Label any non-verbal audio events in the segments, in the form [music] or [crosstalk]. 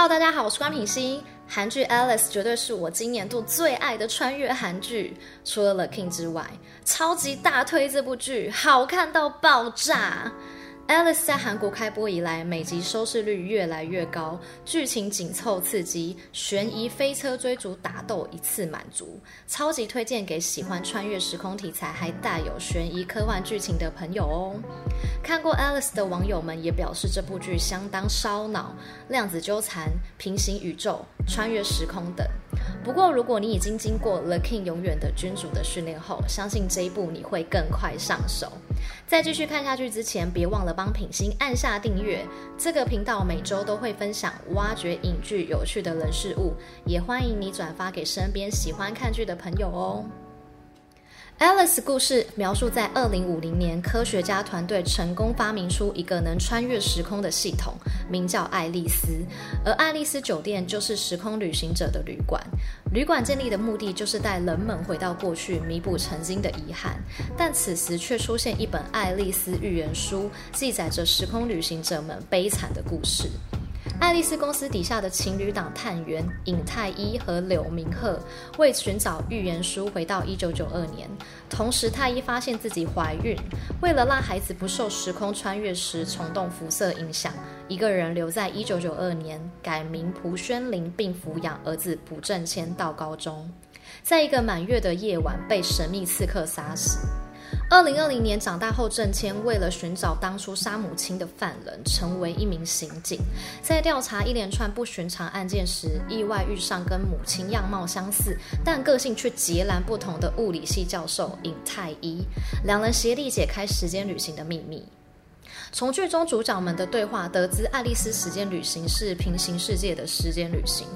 Hello，大家好，我是官品心。韓劇《Alice》絕對是我今年度最愛的穿越韓劇，除了《The King》之外，超級大推這部劇，好看到爆炸。《Alice》在韓國開播以來，每集收視率越來越高，劇情緊湊刺激，懸疑、飛車追逐、打鬥一次滿足，超級推薦給喜歡穿越時空題材還帶有懸疑科幻劇情的朋友哦。看過《Alice》的網友們也表示，這部劇相當燒腦，量子糾纏、平行宇宙。穿越時空等。不過，如果你已經經過了《The King 永遠的君主》的訓練後，相信這一步你會更快上手。在繼續看下去之前，別忘了幫品心按下訂閱。這個頻道每週都會分享挖掘影劇有趣的人事物，也歡迎你轉發給身邊喜歡看劇的朋友哦。Alice 故事描述，在二零五零年，科學家團隊成功發明出一個能穿越時空的系統，名叫愛麗絲。而愛麗絲酒店就是時空旅行者的旅館。旅館建立的目的就是帶人們回到過去，彌補曾經的遺憾。但此時卻出現一本《愛麗絲預言書》，記載着時空旅行者們悲慘的故事。愛麗絲公司底下的情侶黨探員尹泰伊和柳明赫為尋找預言書，回到一九九二年。同時，泰伊發現自己懷孕。為了讓孩子不受時空穿越時蟲洞輻射影響，一個人留在一九九二年，改名朴宣林，並撫養兒子朴鎮謙到高中。在一個滿月的夜晚，被神秘刺客殺死。二零二零年，長大後鎮謙為了尋找當初殺母親的犯人，成為一名刑警。在調查一連串不尋常案件時，意外遇上跟母親樣貌相似，但個性卻截然不同的物理系教授尹泰伊。兩人協力解開時間旅行的秘密。從劇中主角們的對話得知，愛麗絲時間旅行是平行世界的時間旅行。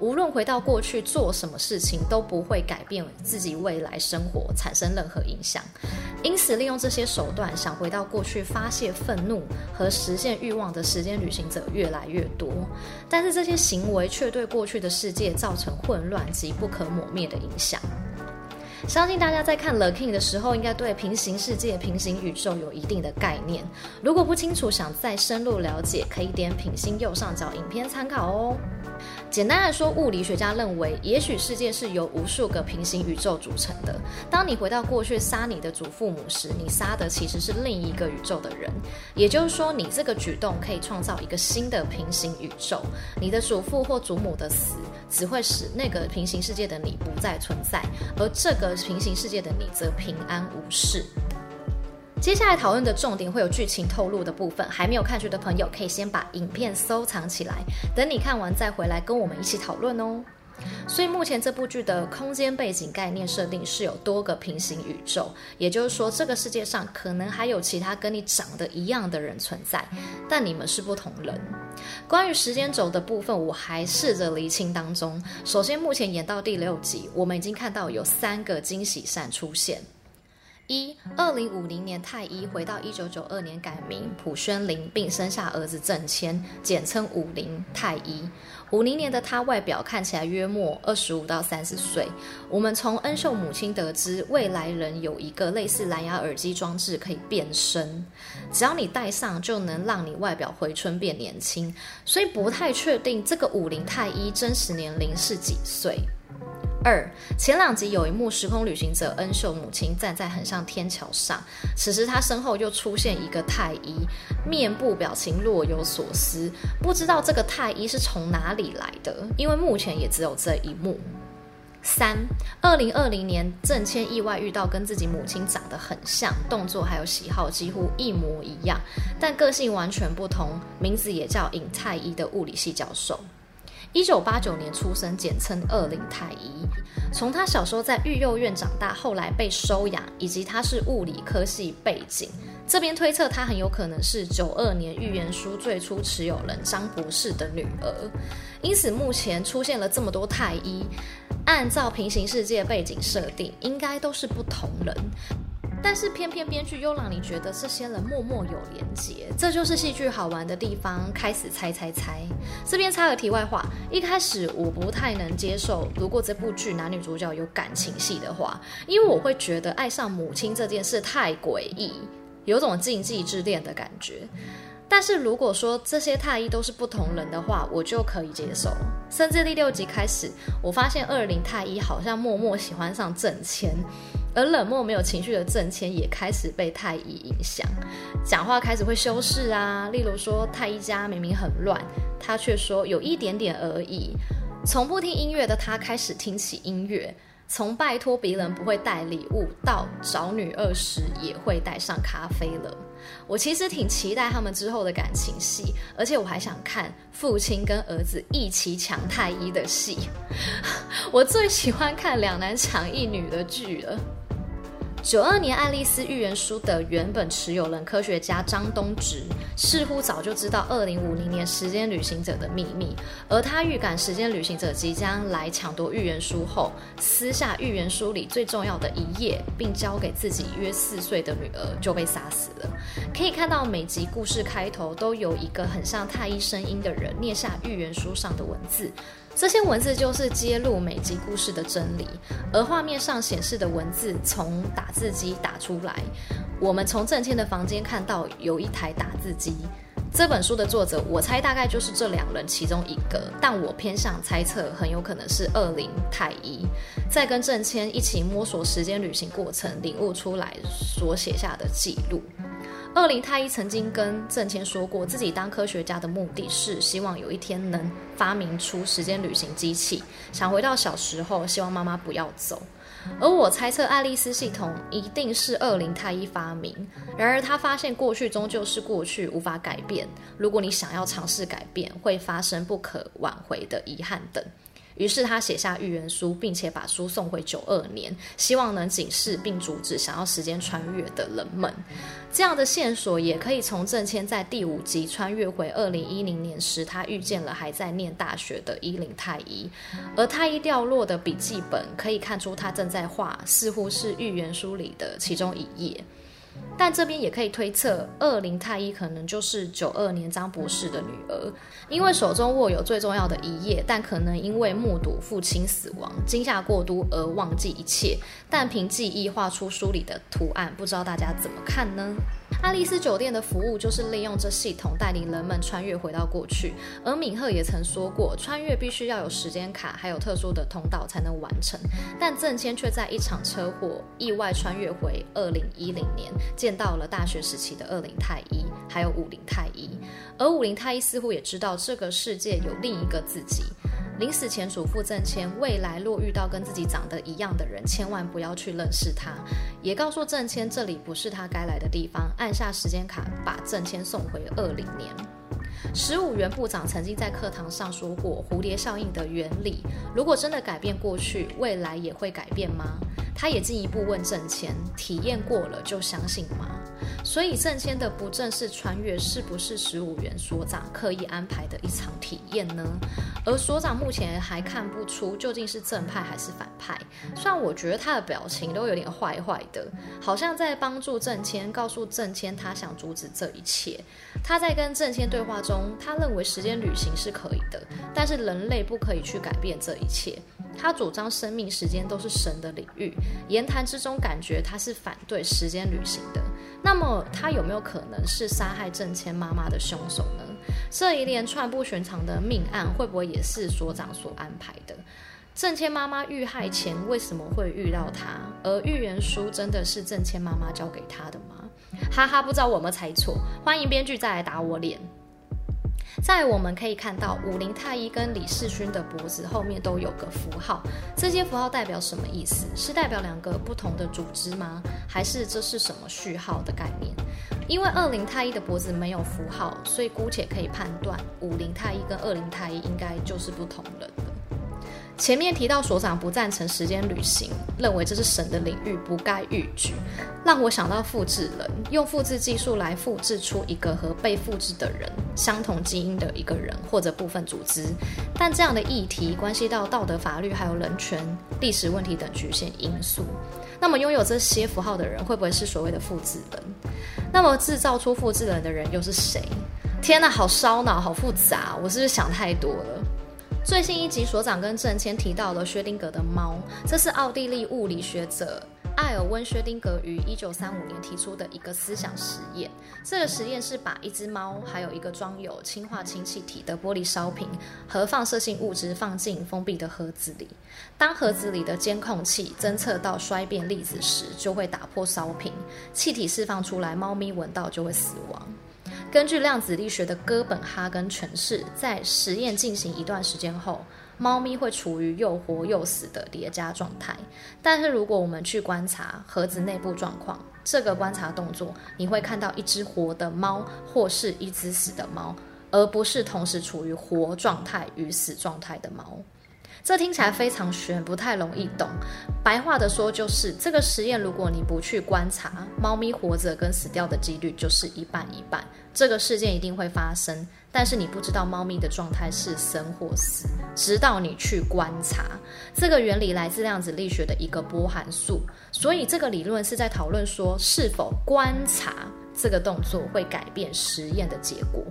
無論回到過去做什麼事情，都不會改變自己未來生活，產生任何影響。因此，利用這些手段想回到過去發洩憤怒和實現慾望的時間旅行者越來越多，但是這些行為卻對過去的世界造成混亂及不可磨滅的影響。相信大家在看《The King》的時候，應該對平行世界、平行宇宙有一定的概念。如果不清楚，想再深入了解，可以點品心右上角影片參考哦。簡單來說，物理學家認為，也許世界是由無數個平行宇宙組成的。當你回到過去殺你的祖父母時，你殺的其實是另一個宇宙的人，也就是說，你這個舉動可以創造一個新的平行宇宙。你的祖父或祖母的死只會使那個平行世界的你不再存在，而這個平行世界的你則平安無事。接下來討論的重點會有劇情透露的部分，還沒有看劇的朋友可以先把影片收藏起來，等你看完再回來跟我們一起討論哦。所以目前這部劇的空間背景概念設定是有多個平行宇宙，也就是說這個世界上可能還有其他跟你長得一樣的人存在，但你們是不同人。關於時間軸的部分，我還試着釐清當中。首先，目前演到第六集，我們已經看到有三個金喜善出現。一二零五零年泰伊回到一九九二年改名，朴宣林，並生下兒子鎮謙，簡稱五零泰伊。五零年的他外表看起來約莫二十五到三十歲。我們從恩秀母親得知，未來人有一個類似藍牙耳機裝置可以變身，只要你戴上就能讓你外表回春變年輕。所以不太確定這個五零泰伊真實年齡是幾歲。二前兩集有一幕，時空旅行者恩秀母親站在很像天橋上，此時她身後又出現一個泰伊，面部表情若有所思，不知道這個泰伊是從哪裡來的，因為目前也只有這一幕。三二零二零年，鎮謙意外遇到跟自己母親長得很像，動作還有喜好幾乎一模一樣，但個性完全不同，名字也叫尹泰伊的物理系教授。一九八九年出生，簡稱二零泰伊。從他小時候在育幼院長大，後來被收養，以及他是物理科系背景，這邊推測他很有可能是九二年預言書最初持有人張博士的女兒。因此，目前出現了這麼多泰伊，按照平行世界背景設定，應該都是不同人。但是偏偏編劇又讓你覺得這些人默默有連結，這就是戲劇好玩的地方。開始猜猜猜。這邊插個題外話，一開始我不太能接受，如果這部劇男女主角有感情戲的話，因為我會覺得愛上母親這件事太詭異，有種禁忌之戀的感覺。但是如果說這些泰伊都是不同人的話，我就可以接受。甚至第六集開始，我發現二零泰伊好像默默喜歡上鎮謙。而冷漠沒有情緒的鎮謙也開始被泰伊影響，講話開始會修飾啊，例如說泰伊家明明很亂，他卻說有一點點而已。從不聽音樂的他開始聽起音樂，從拜托別人不會帶禮物到找女二時也會帶上咖啡了。我其實挺期待他們之後的感情戲，而且我還想看父親跟兒子一起搶泰伊的戲。 [laughs] 我最喜歡看兩男搶一女的劇了。九二年《愛麗絲預言書》的原本持有人科學家張東直似乎早就知道二零五零年時間旅行者的秘密，而他預感時間旅行者即將來搶奪預言書後，撕下預言書裡最重要的一頁，並交給自己約四歲的女兒，就被殺死了。可以看到每集故事開頭都有一個很像泰伊聲音的人念下預言書上的文字。這些文字就是揭露每集故事的真理，而畫面上顯示的文字從打字機打出來。我們從鎮謙的房間看到有一台打字機。這本書的作者，我猜大概就是這兩人其中一個，但我偏向猜測，很有可能是尹泰伊在跟鎮謙一起摸索時間旅行過程，領悟出來所寫下的記錄。尹泰伊曾經跟鎮謙說過，自己當科學家的目的是希望有一天能發明出時間旅行機器，想回到小時候，希望媽媽不要走。而我猜測，愛麗絲系統一定是尹泰伊發明。然而，他發現過去終究是過去，無法改變。如果你想要嘗試改變，會發生不可挽回的遺憾等。於是他寫下預言書，並且把書送回九二年，希望能警示並阻止想要時間穿越的人們。這樣的線索也可以從鎮謙在第五集穿越回二零一零年時，他遇見了還在念大學的尹泰伊。而泰伊掉落的筆記本可以看出他正在畫，似乎是預言書裡的其中一頁。但這邊也可以推測，尹泰伊可能就是九二年張博士的女兒，因為手中握有最重要的一頁，但可能因為目睹父親死亡驚嚇過度而忘記一切，但憑記憶畫出書裡的圖案。不知道大家怎麼看呢？愛麗絲酒店的服務就是利用這系統帶領人們穿越回到過去，而敏赫也曾說過，穿越必須要有時間卡，還有特殊的通道才能完成。但鎮謙卻在一場車禍意外穿越回二零一零年。到了大學時期的二零泰伊，還有五零泰伊，而五零泰伊似乎也知道這個世界有另一個自己。臨死前囑咐鎮謙，未來若遇到跟自己長得一樣的人，千萬不要去認識他。也告訴鎮謙，這裡不是他該來的地方。按下時間卡，把鎮謙送回二零年。石五元部長曾經在課堂上說過蝴蝶效應的原理，如果真的改變過去，未來也會改變嗎？他也進一步問鎮謙，體驗過了就相信嗎？所以鎮謙的不正式穿越是不是石五元所長刻意安排的一場體驗呢？而所長目前還看不出究竟是正派還是反派。雖然我覺得他的表情都有點壞壞的，好像在幫助鎮謙告訴鎮謙他想阻止這一切。他在跟鎮謙對話中，他認為時間旅行是可以的，但是人類不可以去改變這一切。他主張生命、時間都是神的領域，言談之中感覺他是反對時間旅行的。那麼，他有沒有可能是殺害鎮謙媽媽的兇手呢？這一連串不尋常的命案會不會也是所長所安排的？鎮謙媽媽遇害前為什麼會遇到他？而預言書真的是鎮謙媽媽交給他的嗎？哈哈，不知道我有沒有猜錯，歡迎編劇再來打我臉。在我們可以看到五零泰伊跟李世勳的脖子後面都有個符號，這些符號代表什麼意思？是代表兩個不同的組織嗎？還是這是什麼序號的概念？因為二零泰伊的脖子沒有符號，所以姑且可以判斷五零泰伊跟二零泰伊應該就是不同人的。前面提到所長不贊成時間旅行，認為這是神的領域，不該逾矩，讓我想到複製人，用複製技術來複製出一個和被複製的人相同基因的一個人或者部分組織，但這樣的議題關係到道德、法律還有人權、歷史問題等局限因素。那麼擁有這些符號的人會不會是所謂的複製人？那麼製造出複製人的人又是誰？天吶，好燒腦，好複雜，我是不是想太多了？最新一集所長跟鎮謙提到了薛丁格的貓，這是奧地利物理學者艾爾溫薛丁格於一九三五年提出的一個思想實驗。這個實驗是把一只貓，還有一個裝有氰化氫氣體的玻璃燒瓶和放射性物質放進封閉的盒子裡。當盒子裡的監控器偵測到衰變粒子時，就會打破燒瓶，氣體釋放出來，貓咪聞到就會死亡。根據量子力學的哥本哈根詮釋，在實驗進行一段時間後，貓咪會處於又活又死的疊加狀態。但是如果我們去觀察盒子內部狀況，這個觀察動作，你會看到一隻活的貓或是一隻死的貓，而不是同時處於活狀態與死狀態的貓。這聽起來非常玄，不太容易懂。白話的說，就是這個實驗，如果你不去觀察，貓咪活着跟死掉的幾率就是一半一半。這個事件一定會發生，但是你不知道貓咪的狀態是生或死，直到你去觀察。這個原理來自量子力學的一個波函數，所以這個理論是在討論說，是否觀察，這個動作會改變實驗的結果。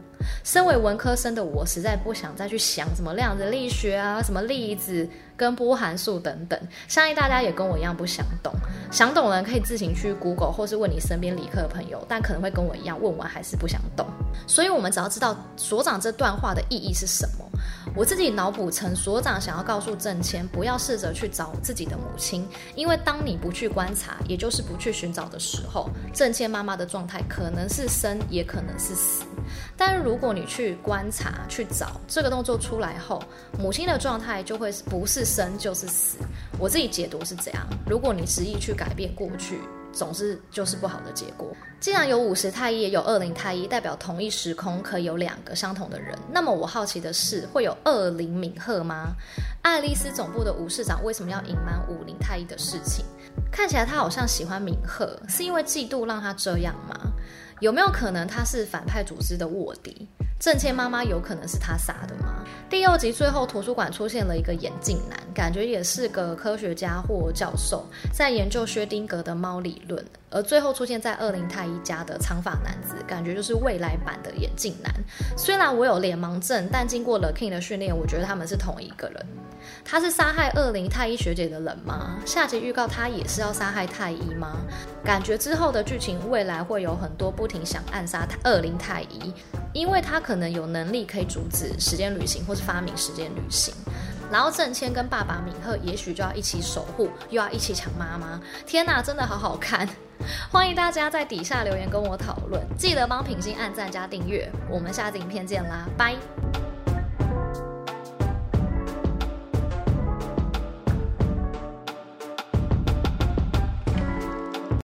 身為文科生的我，實在不想再去想什麼量子力學啊、什麼粒子跟波函數等等。相信大家也跟我一樣不想懂，想懂的人可以自行去 Google 或是問你身邊理科的朋友，但可能會跟我一樣問完還是不想懂。所以，我們只要知道所長這段話的意義是什麼。我自己腦補成所長想要告訴鎮謙，不要試着去找自己的母親，因為當你不去觀察，也就是不去尋找的時候，鎮謙媽媽的狀態可能是生，也可能是死。但如果你去觀察、去找，這個動作出來後，母親的狀態就會不是生就是死。我自己解讀是這樣，如果你執意去改變過去。總之就是不好的結果。既然有五十泰伊也有二零泰伊，代表同一時空可以有兩個相同的人，那麼我好奇的是，會有二零敏赫嗎？愛麗絲總部的吳市長為什麼要隱瞞五零泰伊的事情？看起來他好像喜歡敏赫，是因為嫉妒讓他這樣嗎？有沒有可能他是反派組織的臥底？鎮謙媽媽有可能是他殺的嗎？第六集最後圖書館出現了一個眼鏡男，感覺也是個科學家或教授，在研究薛丁格的貓理論。而最後出現在尹泰伊家的長髮男子，感覺就是未來版的眼鏡男。雖然我有臉盲症，但經過了 King 的訓練，我覺得他們是同一個人。他是殺害尹泰伊學姐的人嗎？下集預告他也是要殺害泰伊嗎？感覺之後的劇情未來會有很多不停想暗殺尹泰伊，因為他可可能有能力可以阻止時間旅行，或是發明時間旅行。然後鎮謙跟爸爸敏赫，也許就要一起守護，又要一起搶媽媽。天哪，真的好好看！歡迎大家在底下留言跟我討論，記得幫品心按讚加訂閱。我們下次影片見啦，拜。